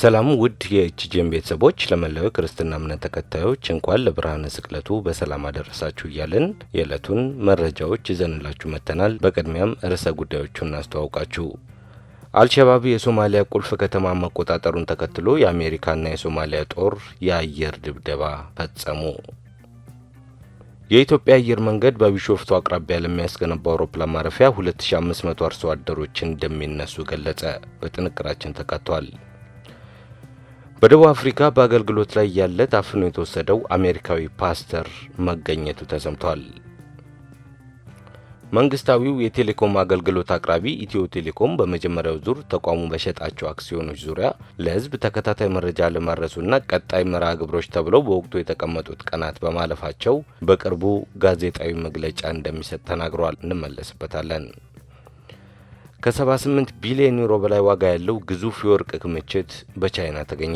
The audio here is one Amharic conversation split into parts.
ሰላም ውድ የኤችጂኤም ቤተሰቦች ለመላው ክርስትና እምነት ተከታዮች እንኳን ለብርሃነ ስቅለቱ በሰላም አደረሳችሁ እያለን የዕለቱን መረጃዎች ይዘንላችሁ መጥተናል። በቅድሚያም ርዕሰ ጉዳዮቹን እናስተዋውቃችሁ። አልሸባብ የሶማሊያ ቁልፍ ከተማ መቆጣጠሩን ተከትሎ የአሜሪካና የሶማሊያ ጦር የአየር ድብደባ ፈጸሙ። የኢትዮጵያ አየር መንገድ በቢሾፍቱ አቅራቢያ ለሚያስገነባው አውሮፕላን ማረፊያ 2500 አርሶ አደሮች እንደሚነሱ ገለጸ። በጥንቅራችን ተካቷል። በደቡብ አፍሪካ በአገልግሎት ላይ ያለ ታፍኖ የተወሰደው አሜሪካዊ ፓስተር መገኘቱ ተሰምቷል። መንግስታዊው የቴሌኮም አገልግሎት አቅራቢ ኢትዮ ቴሌኮም በመጀመሪያው ዙር ተቋሙ በሸጣቸው አክሲዮኖች ዙሪያ ለሕዝብ ተከታታይ መረጃ ለማድረሱና ቀጣይ መርሃ ግብሮች ተብለው በወቅቱ የተቀመጡት ቀናት በማለፋቸው በቅርቡ ጋዜጣዊ መግለጫ እንደሚሰጥ ተናግሯል። እንመለስበታለን። ከ78 ቢሊዮን ዩሮ በላይ ዋጋ ያለው ግዙፍ የወርቅ ክምችት በቻይና ተገኘ።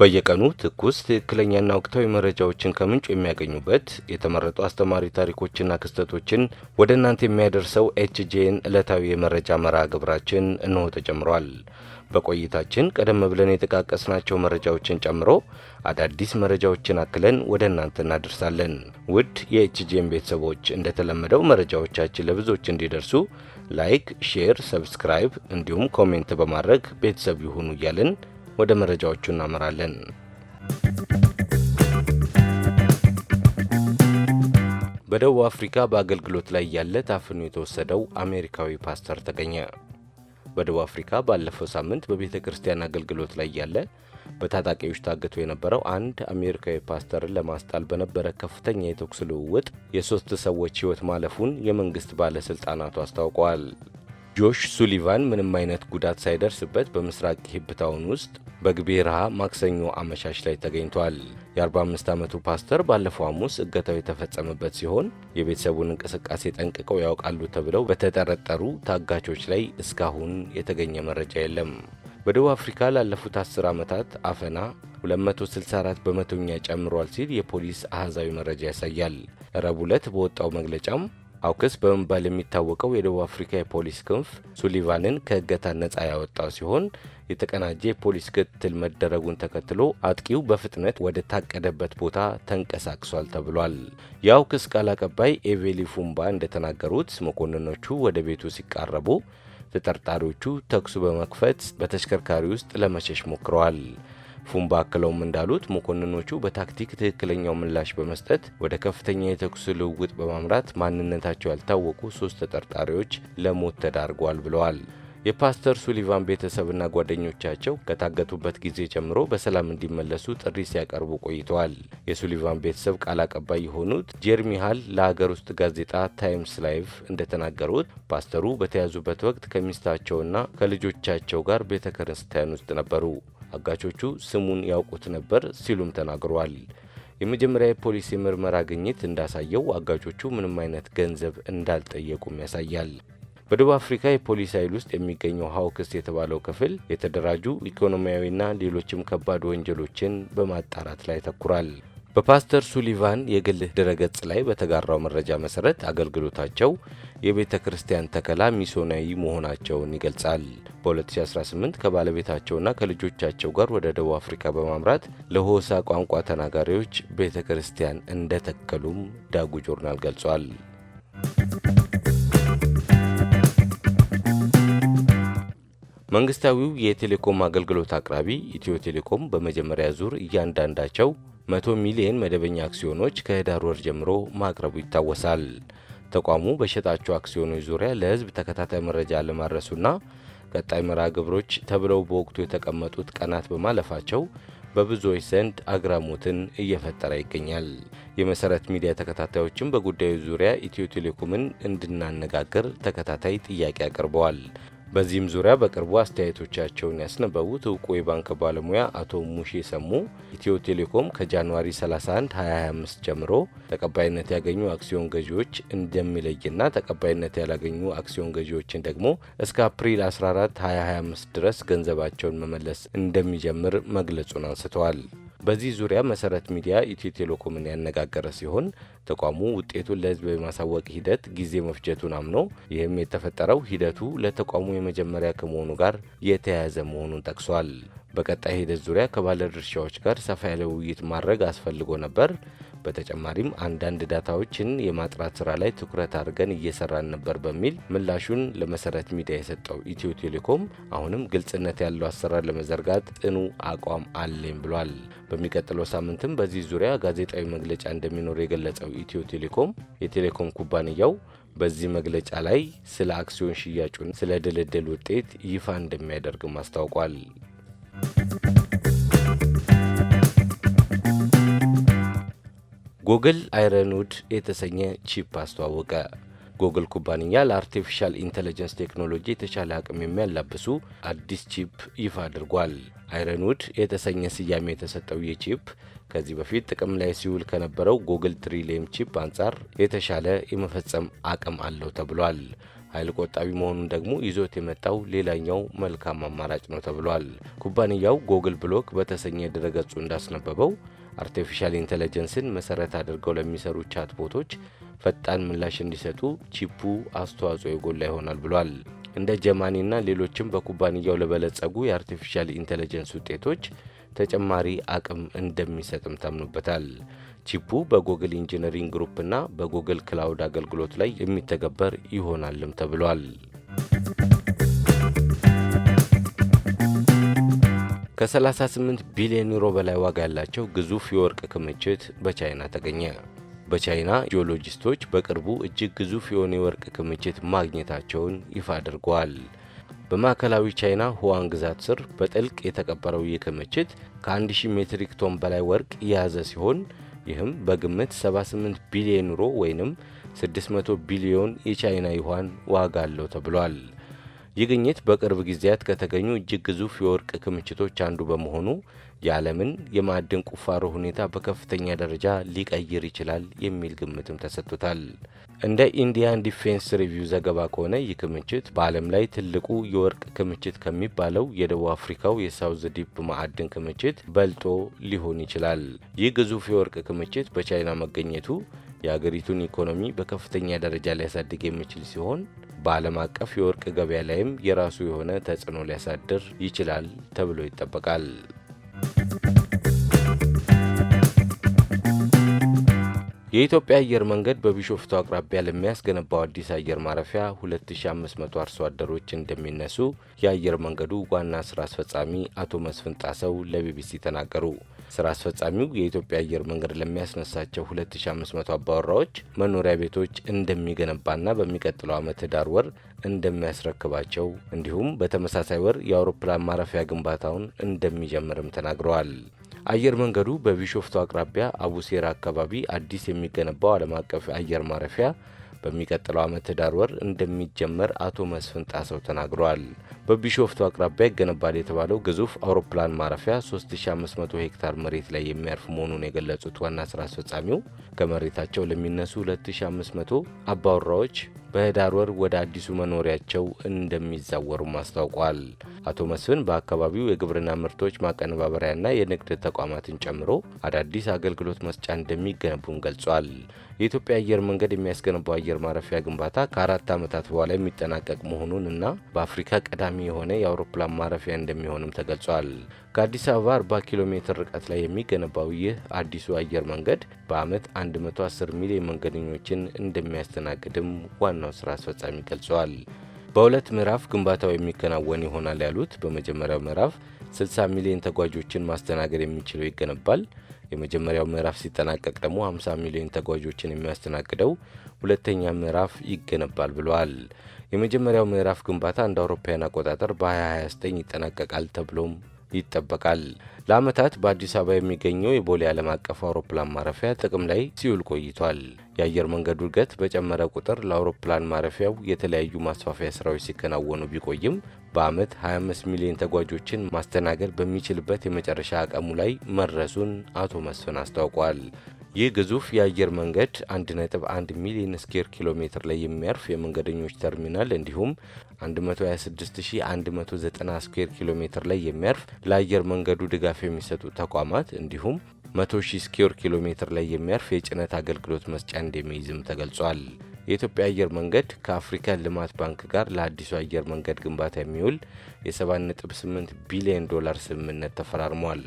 በየቀኑ ትኩስ ትክክለኛና ወቅታዊ መረጃዎችን ከምንጩ የሚያገኙበት የተመረጡ አስተማሪ ታሪኮችና ክስተቶችን ወደ እናንተ የሚያደርሰው ኤችጂኤን ዕለታዊ የመረጃ መርሃ ግብራችን እንሆ ተጀምሯል። በቆይታችን ቀደም ብለን የጠቃቀስናቸው መረጃዎችን ጨምሮ አዳዲስ መረጃዎችን አክለን ወደ እናንተ እናደርሳለን። ውድ የኤችጄን ቤተሰቦች እንደተለመደው መረጃዎቻችን ለብዙዎች እንዲደርሱ ላይክ፣ ሼር፣ ሰብስክራይብ እንዲሁም ኮሜንት በማድረግ ቤተሰብ ይሁኑ እያልን ወደ መረጃዎቹ እናመራለን። በደቡብ አፍሪካ በአገልግሎት ላይ ያለ ታፍኖ የተወሰደው አሜሪካዊ ፓስተር ተገኘ። በደቡብ አፍሪካ ባለፈው ሳምንት በቤተ ክርስቲያን አገልግሎት ላይ ያለ በታጣቂዎች ታግቶ የነበረው አንድ አሜሪካዊ ፓስተርን ለማስጣል በነበረ ከፍተኛ የተኩስ ልውውጥ የሶስት ሰዎች ሕይወት ማለፉን የመንግስት ባለሥልጣናቱ አስታውቀዋል። ጆሽ ሱሊቫን ምንም አይነት ጉዳት ሳይደርስበት በምስራቅ ሂብ ውስጥ በግቤ ረሃ ማክሰኞ አመሻሽ ላይ ተገኝቷል። የ45 ዓመቱ ፓስተር ባለፈው ሐሙስ እገታው የተፈጸመበት ሲሆን የቤተሰቡን እንቅስቃሴ ጠንቅቀው ያውቃሉ ተብለው በተጠረጠሩ ታጋቾች ላይ እስካሁን የተገኘ መረጃ የለም። በደቡብ አፍሪካ ላለፉት 10 ዓመታት አፈና 264 በመቶኛ ጨምሯል ሲል የፖሊስ አሃዛዊ መረጃ ያሳያል። ረቡዕ ዕለት በወጣው መግለጫም አውክስ በመባል የሚታወቀው የደቡብ አፍሪካ የፖሊስ ክንፍ ሱሊቫንን ከእገታ ነጻ ያወጣው ሲሆን የተቀናጀ የፖሊስ ክትትል መደረጉን ተከትሎ አጥቂው በፍጥነት ወደ ታቀደበት ቦታ ተንቀሳቅሷል ተብሏል። የአውክስ ቃል አቀባይ ኤቬሊ ፉምባ እንደተናገሩት መኮንኖቹ ወደ ቤቱ ሲቃረቡ ተጠርጣሪዎቹ ተኩሱ በመክፈት በተሽከርካሪ ውስጥ ለመሸሽ ሞክረዋል። ፉምባ አክለውም እንዳሉት መኮንኖቹ በታክቲክ ትክክለኛው ምላሽ በመስጠት ወደ ከፍተኛ የተኩስ ልውውጥ በማምራት ማንነታቸው ያልታወቁ ሶስት ተጠርጣሪዎች ለሞት ተዳርጓል ብለዋል። የፓስተር ሱሊቫን ቤተሰብና ጓደኞቻቸው ከታገቱበት ጊዜ ጀምሮ በሰላም እንዲመለሱ ጥሪ ሲያቀርቡ ቆይተዋል። የሱሊቫን ቤተሰብ ቃል አቀባይ የሆኑት ጄርሚ ሃል ለሀገር ውስጥ ጋዜጣ ታይምስ ላይቭ እንደተናገሩት ፓስተሩ በተያዙበት ወቅት ከሚስታቸውና ከልጆቻቸው ጋር ቤተ ክርስቲያን ውስጥ ነበሩ። አጋቾቹ ስሙን ያውቁት ነበር ሲሉም ተናግሯል። የመጀመሪያ የፖሊስ የምርመራ ግኝት እንዳሳየው አጋቾቹ ምንም አይነት ገንዘብ እንዳልጠየቁም ያሳያል። በደቡብ አፍሪካ የፖሊስ ኃይል ውስጥ የሚገኘው ሀውክስ የተባለው ክፍል የተደራጁ ኢኮኖሚያዊና ሌሎችም ከባድ ወንጀሎችን በማጣራት ላይ ተኩራል። በፓስተር ሱሊቫን የግል ድረገጽ ላይ በተጋራው መረጃ መሰረት አገልግሎታቸው የቤተ ክርስቲያን ተከላ ሚሶናዊ መሆናቸውን ይገልጻል። በ2018 ከባለቤታቸውና ከልጆቻቸው ጋር ወደ ደቡብ አፍሪካ በማምራት ለሆሳ ቋንቋ ተናጋሪዎች ቤተ ክርስቲያን እንደተከሉም ዳጉ ጆርናል ገልጿል። መንግስታዊው የቴሌኮም አገልግሎት አቅራቢ ኢትዮ ቴሌኮም በመጀመሪያ ዙር እያንዳንዳቸው 100 ሚሊየን መደበኛ አክሲዮኖች ከህዳር ወር ጀምሮ ማቅረቡ ይታወሳል። ተቋሙ በሸጣቸው አክሲዮኖች ዙሪያ ለህዝብ ተከታታይ መረጃ ለማድረሱና ቀጣይ መርሃ ግብሮች ተብለው በወቅቱ የተቀመጡት ቀናት በማለፋቸው በብዙዎች ዘንድ አግራሞትን እየፈጠረ ይገኛል። የመሰረት ሚዲያ ተከታታዮችም በጉዳዩ ዙሪያ ኢትዮ ቴሌኮምን እንድናነጋግር ተከታታይ ጥያቄ አቅርበዋል። በዚህም ዙሪያ በቅርቡ አስተያየቶቻቸውን ያስነበቡት እውቁ የባንክ ባለሙያ አቶ ሙሼ ሰሙ ኢትዮ ቴሌኮም ከጃንዋሪ 31 2025 ጀምሮ ተቀባይነት ያገኙ አክሲዮን ገዢዎች እንደሚለይና ተቀባይነት ያላገኙ አክሲዮን ገዢዎችን ደግሞ እስከ አፕሪል 14 2025 ድረስ ገንዘባቸውን መመለስ እንደሚጀምር መግለጹን አንስተዋል። በዚህ ዙሪያ መሰረት ሚዲያ ኢትዮ ቴሌኮምን ያነጋገረ ሲሆን ተቋሙ ውጤቱን ለሕዝብ የማሳወቅ ሂደት ጊዜ መፍጀቱን አምኖ ይህም የተፈጠረው ሂደቱ ለተቋሙ የመጀመሪያ ከመሆኑ ጋር የተያያዘ መሆኑን ጠቅሷል። በቀጣይ ሂደት ዙሪያ ከባለድርሻዎች ጋር ሰፋ ያለ ውይይት ማድረግ አስፈልጎ ነበር። በተጨማሪም አንዳንድ ዳታዎችን የማጥራት ስራ ላይ ትኩረት አድርገን እየሰራን ነበር በሚል ምላሹን ለመሰረት ሚዲያ የሰጠው ኢትዮ ቴሌኮም አሁንም ግልጽነት ያለው አሰራር ለመዘርጋት ጽኑ አቋም አለኝ ብሏል። በሚቀጥለው ሳምንትም በዚህ ዙሪያ ጋዜጣዊ መግለጫ እንደሚኖር የገለጸው ኢትዮ ቴሌኮም የቴሌኮም ኩባንያው በዚህ መግለጫ ላይ ስለ አክሲዮን ሽያጩን ስለ ድልድል ውጤት ይፋ እንደሚያደርግም አስታውቋል። ጎግል አይረንውድ የተሰኘ ቺፕ አስተዋወቀ። ጎግል ኩባንያ ለአርቲፊሻል ኢንቴሊጀንስ ቴክኖሎጂ የተሻለ አቅም የሚያላብሱ አዲስ ቺፕ ይፋ አድርጓል። አይረንውድ የተሰኘ ስያሜ የተሰጠው ይህ ቺፕ ከዚህ በፊት ጥቅም ላይ ሲውል ከነበረው ጎግል ትሪሊየም ቺፕ አንጻር የተሻለ የመፈጸም አቅም አለው ተብሏል። ኃይል ቆጣቢ መሆኑን ደግሞ ይዞት የመጣው ሌላኛው መልካም አማራጭ ነው ተብሏል። ኩባንያው ጎግል ብሎክ በተሰኘ ድረገጹ እንዳስነበበው አርቲፊሻል ኢንተለጀንስን መሰረት አድርገው ለሚሰሩ ቻት ቦቶች ፈጣን ምላሽ እንዲሰጡ ቺፑ አስተዋጽኦ የጎላ ይሆናል ብሏል። እንደ ጀማኒና ሌሎችም በኩባንያው ለበለጸጉ የአርቲፊሻል ኢንተለጀንስ ውጤቶች ተጨማሪ አቅም እንደሚሰጥም ታምኑበታል። ቺፑ በጉግል ኢንጂነሪንግ ግሩፕና በጉግል ክላውድ አገልግሎት ላይ የሚተገበር ይሆናልም ተብሏል። ከ38 ቢሊዮን ዩሮ በላይ ዋጋ ያላቸው ግዙፍ የወርቅ ክምችት በቻይና ተገኘ። በቻይና ጂኦሎጂስቶች በቅርቡ እጅግ ግዙፍ የሆነ የወርቅ ክምችት ማግኘታቸውን ይፋ አድርገዋል። በማዕከላዊ ቻይና ሁዋን ግዛት ስር በጥልቅ የተቀበረው ይህ ክምችት ከ1000 ሜትሪክ ቶን በላይ ወርቅ የያዘ ሲሆን ይህም በግምት 78 ቢሊዮን ዩሮ ወይም 600 ቢሊዮን የቻይና ዩዋን ዋጋ አለው ተብሏል። ይህ ግኝት በቅርብ ጊዜያት ከተገኙ እጅግ ግዙፍ የወርቅ ክምችቶች አንዱ በመሆኑ የዓለምን የማዕድን ቁፋሮ ሁኔታ በከፍተኛ ደረጃ ሊቀይር ይችላል የሚል ግምትም ተሰጥቶታል። እንደ ኢንዲያን ዲፌንስ ሪቪው ዘገባ ከሆነ ይህ ክምችት በዓለም ላይ ትልቁ የወርቅ ክምችት ከሚባለው የደቡብ አፍሪካው የሳውዝ ዲፕ ማዕድን ክምችት በልጦ ሊሆን ይችላል። ይህ ግዙፍ የወርቅ ክምችት በቻይና መገኘቱ የአገሪቱን ኢኮኖሚ በከፍተኛ ደረጃ ሊያሳድግ የሚችል ሲሆን በዓለም አቀፍ የወርቅ ገበያ ላይም የራሱ የሆነ ተጽዕኖ ሊያሳድር ይችላል ተብሎ ይጠበቃል። የኢትዮጵያ አየር መንገድ በቢሾፍቱ አቅራቢያ ለሚያስገነባው አዲስ አየር ማረፊያ 2500 አርሶ አደሮች እንደሚነሱ የአየር መንገዱ ዋና ስራ አስፈጻሚ አቶ መስፍን ጣሰው ለቢቢሲ ተናገሩ። ስራ አስፈጻሚው የኢትዮጵያ አየር መንገድ ለሚያስነሳቸው 2500 አባወራዎች መኖሪያ ቤቶች እንደሚገነባና በሚቀጥለው ዓመት ህዳር ወር እንደሚያስረክባቸው እንዲሁም በተመሳሳይ ወር የአውሮፕላን ማረፊያ ግንባታውን እንደሚጀምርም ተናግረዋል። አየር መንገዱ በቢሾፍቱ አቅራቢያ አቡሴራ አካባቢ አዲስ የሚገነባው ዓለም አቀፍ አየር ማረፊያ በሚቀጥለው ዓመት ህዳር ወር እንደሚጀመር አቶ መስፍን ጣሰው ተናግረዋል። በቢሾፍቱ አቅራቢያ ይገነባል የተባለው ግዙፍ አውሮፕላን ማረፊያ 3500 ሄክታር መሬት ላይ የሚያርፍ መሆኑን የገለጹት ዋና ስራ አስፈጻሚው ከመሬታቸው ለሚነሱ 2500 አባወራዎች በህዳር ወር ወደ አዲሱ መኖሪያቸው እንደሚዛወሩም አስታውቋል። አቶ መስፍን በአካባቢው የግብርና ምርቶች ማቀነባበሪያና የንግድ ተቋማትን ጨምሮ አዳዲስ አገልግሎት መስጫ እንደሚገነቡም ገልጿል። የኢትዮጵያ አየር መንገድ የሚያስገነባው አየር ማረፊያ ግንባታ ከአራት ዓመታት በኋላ የሚጠናቀቅ መሆኑን እና በአፍሪካ ቀዳሚ የሆነ የአውሮፕላን ማረፊያ እንደሚሆንም ተገልጿል። ከአዲስ አበባ 40 ኪሎ ሜትር ርቀት ላይ የሚገነባው ይህ አዲሱ አየር መንገድ በዓመት 110 ሚሊዮን መንገደኞችን እንደሚያስተናግድም ዋና ዋናው ስራ አስፈጻሚ ገልጸዋል። በሁለት ምዕራፍ ግንባታው የሚከናወን ይሆናል ያሉት በመጀመሪያው ምዕራፍ 60 ሚሊዮን ተጓዦችን ማስተናገድ የሚችለው ይገነባል። የመጀመሪያው ምዕራፍ ሲጠናቀቅ ደግሞ 50 ሚሊዮን ተጓዦችን የሚያስተናግደው ሁለተኛ ምዕራፍ ይገነባል ብለዋል። የመጀመሪያው ምዕራፍ ግንባታ እንደ አውሮፓውያን አቆጣጠር በ2029 ይጠናቀቃል ተብሎም ይጠበቃል። ለዓመታት በአዲስ አበባ የሚገኘው የቦሌ ዓለም አቀፍ አውሮፕላን ማረፊያ ጥቅም ላይ ሲውል ቆይቷል። የአየር መንገዱ እድገት በጨመረ ቁጥር ለአውሮፕላን ማረፊያው የተለያዩ ማስፋፊያ ስራዎች ሲከናወኑ ቢቆይም በዓመት 25 ሚሊዮን ተጓዦችን ማስተናገድ በሚችልበት የመጨረሻ አቅሙ ላይ መድረሱን አቶ መስፍን አስታውቋል። ይህ ግዙፍ የአየር መንገድ 1.1 ሚሊዮን ስኩዌር ኪሎ ሜትር ላይ የሚያርፍ የመንገደኞች ተርሚናል እንዲሁም 126190 ስኩዌር ኪሎ ሜትር ላይ የሚያርፍ ለአየር መንገዱ ድጋፍ የሚሰጡ ተቋማት እንዲሁም 100,000 ስኩዌር ኪሎ ሜትር ላይ የሚያርፍ የጭነት አገልግሎት መስጫ እንደሚይዝም ተገልጿል። የኢትዮጵያ አየር መንገድ ከአፍሪካ ልማት ባንክ ጋር ለአዲሱ አየር መንገድ ግንባታ የሚውል የ7.8 ቢሊዮን ዶላር ስምምነት ተፈራርሟል።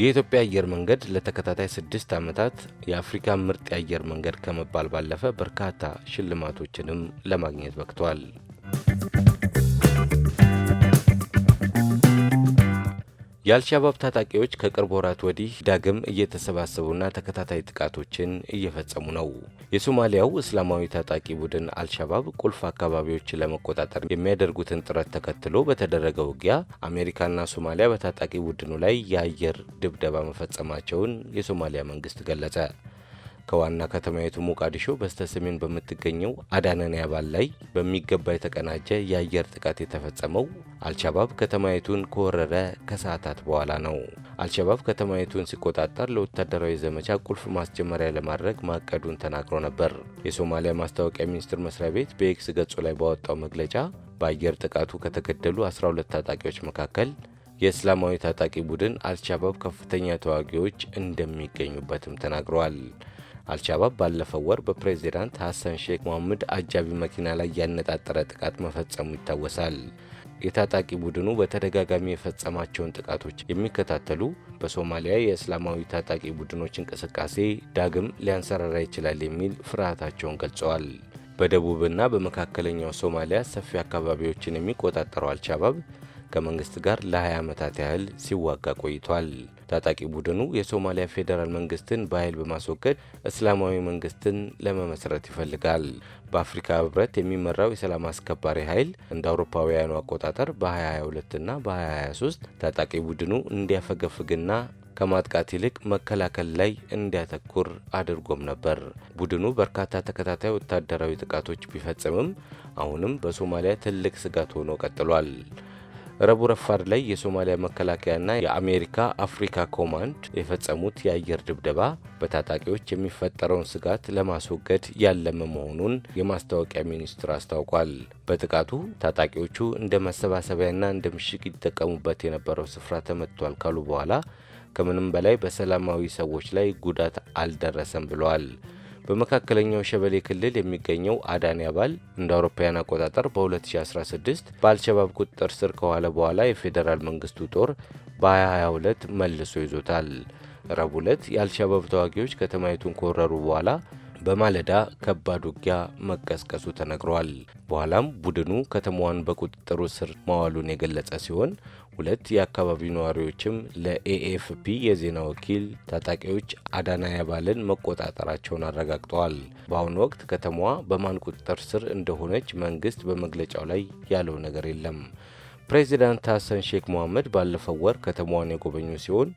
የኢትዮጵያ አየር መንገድ ለተከታታይ ስድስት ዓመታት የአፍሪካ ምርጥ የአየር መንገድ ከመባል ባለፈ በርካታ ሽልማቶችንም ለማግኘት በቅቷል። የአልሻባብ ታጣቂዎች ከቅርብ ወራት ወዲህ ዳግም እየተሰባሰቡና ተከታታይ ጥቃቶችን እየፈጸሙ ነው። የሶማሊያው እስላማዊ ታጣቂ ቡድን አልሻባብ ቁልፍ አካባቢዎችን ለመቆጣጠር የሚያደርጉትን ጥረት ተከትሎ በተደረገ ውጊያ አሜሪካና ሶማሊያ በታጣቂ ቡድኑ ላይ የአየር ድብደባ መፈጸማቸውን የሶማሊያ መንግስት ገለጸ። ከዋና ከተማይቱ ሞቃዲሾ በስተ ሰሜን በምትገኘው ባል ላይ በሚገባ የተቀናጀ የአየር ጥቃት የተፈጸመው አልሻባብ ከተማይቱን ከወረረ ከሰዓታት በኋላ ነው። አልሸባብ ከተማይቱን ሲቆጣጠር ለወታደራዊ ዘመቻ ቁልፍ ማስጀመሪያ ለማድረግ ማቀዱን ተናግሮ ነበር። የሶማሊያ ማስታወቂያ ሚኒስቴር መስሪያ ቤት በኤክስ ገጹ ላይ ባወጣው መግለጫ በአየር ጥቃቱ ከተገደሉ 12 ታጣቂዎች መካከል የእስላማዊ ታጣቂ ቡድን አልሻባብ ከፍተኛ ተዋጊዎች እንደሚገኙበትም ተናግረዋል። አልሻባብ ባለፈው ወር በፕሬዚዳንት ሐሰን ሼክ መሐመድ አጃቢ መኪና ላይ ያነጣጠረ ጥቃት መፈጸሙ ይታወሳል። የታጣቂ ቡድኑ በተደጋጋሚ የፈጸማቸውን ጥቃቶች የሚከታተሉ በሶማሊያ የእስላማዊ ታጣቂ ቡድኖች እንቅስቃሴ ዳግም ሊያንሰራራ ይችላል የሚል ፍርሃታቸውን ገልጸዋል። በደቡብና በመካከለኛው ሶማሊያ ሰፊ አካባቢዎችን የሚቆጣጠረው አልሻባብ ከመንግስት ጋር ለ20 ዓመታት ያህል ሲዋጋ ቆይቷል። ታጣቂ ቡድኑ የሶማሊያ ፌዴራል መንግስትን በኃይል በማስወገድ እስላማዊ መንግስትን ለመመስረት ይፈልጋል። በአፍሪካ ህብረት የሚመራው የሰላም አስከባሪ ኃይል እንደ አውሮፓውያኑ አቆጣጠር በ2022 እና በ2023 ታጣቂ ቡድኑ እንዲያፈገፍግና ከማጥቃት ይልቅ መከላከል ላይ እንዲያተኩር አድርጎም ነበር። ቡድኑ በርካታ ተከታታይ ወታደራዊ ጥቃቶች ቢፈጽምም አሁንም በሶማሊያ ትልቅ ስጋት ሆኖ ቀጥሏል። ረቡዕ ረፋድ ላይ የሶማሊያ መከላከያና የአሜሪካ አፍሪካ ኮማንድ የፈጸሙት የአየር ድብደባ በታጣቂዎች የሚፈጠረውን ስጋት ለማስወገድ ያለመ መሆኑን የማስታወቂያ ሚኒስትር አስታውቋል። በጥቃቱ ታጣቂዎቹ እንደ መሰባሰቢያና እንደ ምሽግ ይጠቀሙበት የነበረው ስፍራ ተመትቷል ካሉ በኋላ ከምንም በላይ በሰላማዊ ሰዎች ላይ ጉዳት አልደረሰም ብለዋል። በመካከለኛው ሸበሌ ክልል የሚገኘው አዳኒ አባል እንደ አውሮፓውያን አቆጣጠር በ2016 በአልሸባብ ቁጥጥር ስር ከዋለ በኋላ የፌዴራል መንግስቱ ጦር በ2022 መልሶ ይዞታል። ረቡዕ ዕለት የአልሸባብ ተዋጊዎች ከተማይቱን ከወረሩ በኋላ በማለዳ ከባድ ውጊያ መቀስቀሱ ተነግሯል። በኋላም ቡድኑ ከተማዋን በቁጥጥሩ ስር ማዋሉን የገለጸ ሲሆን ሁለት የአካባቢው ነዋሪዎችም ለኤኤፍፒ የዜና ወኪል ታጣቂዎች አዳና ያባልን መቆጣጠራቸውን አረጋግጠዋል። በአሁኑ ወቅት ከተማዋ በማን ቁጥጥር ስር እንደሆነች መንግስት በመግለጫው ላይ ያለው ነገር የለም። ፕሬዚዳንት ሐሰን ሼክ መሐመድ ባለፈው ወር ከተማዋን የጎበኙ ሲሆን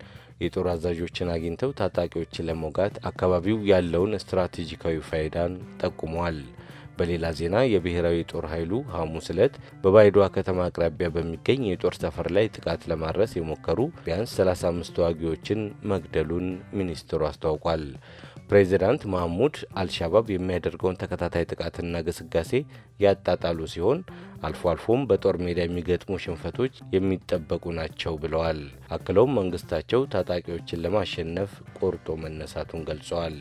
የጦር አዛዦችን አግኝተው ታጣቂዎችን ለመውጋት አካባቢው ያለውን ስትራቴጂካዊ ፋይዳን ጠቁመዋል። በሌላ ዜና የብሔራዊ ጦር ኃይሉ ሐሙስ ዕለት በባይዶዋ ከተማ አቅራቢያ በሚገኝ የጦር ሰፈር ላይ ጥቃት ለማድረስ የሞከሩ ቢያንስ 35 ተዋጊዎችን መግደሉን ሚኒስትሩ አስታውቋል። ፕሬዚዳንት ማህሙድ አልሻባብ የሚያደርገውን ተከታታይ ጥቃትና ግስጋሴ ያጣጣሉ ሲሆን አልፎ አልፎም በጦር ሜዳ የሚገጥሙ ሽንፈቶች የሚጠበቁ ናቸው ብለዋል። አክለውም መንግስታቸው ታጣቂዎችን ለማሸነፍ ቆርጦ መነሳቱን ገልጸዋል።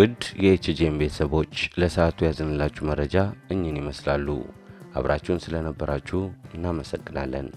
ውድ የኤችጄን ቤተሰቦች ለሰዓቱ ያዝንላችሁ መረጃ እኝን ይመስላሉ። አብራችሁን ስለነበራችሁ እናመሰግናለን።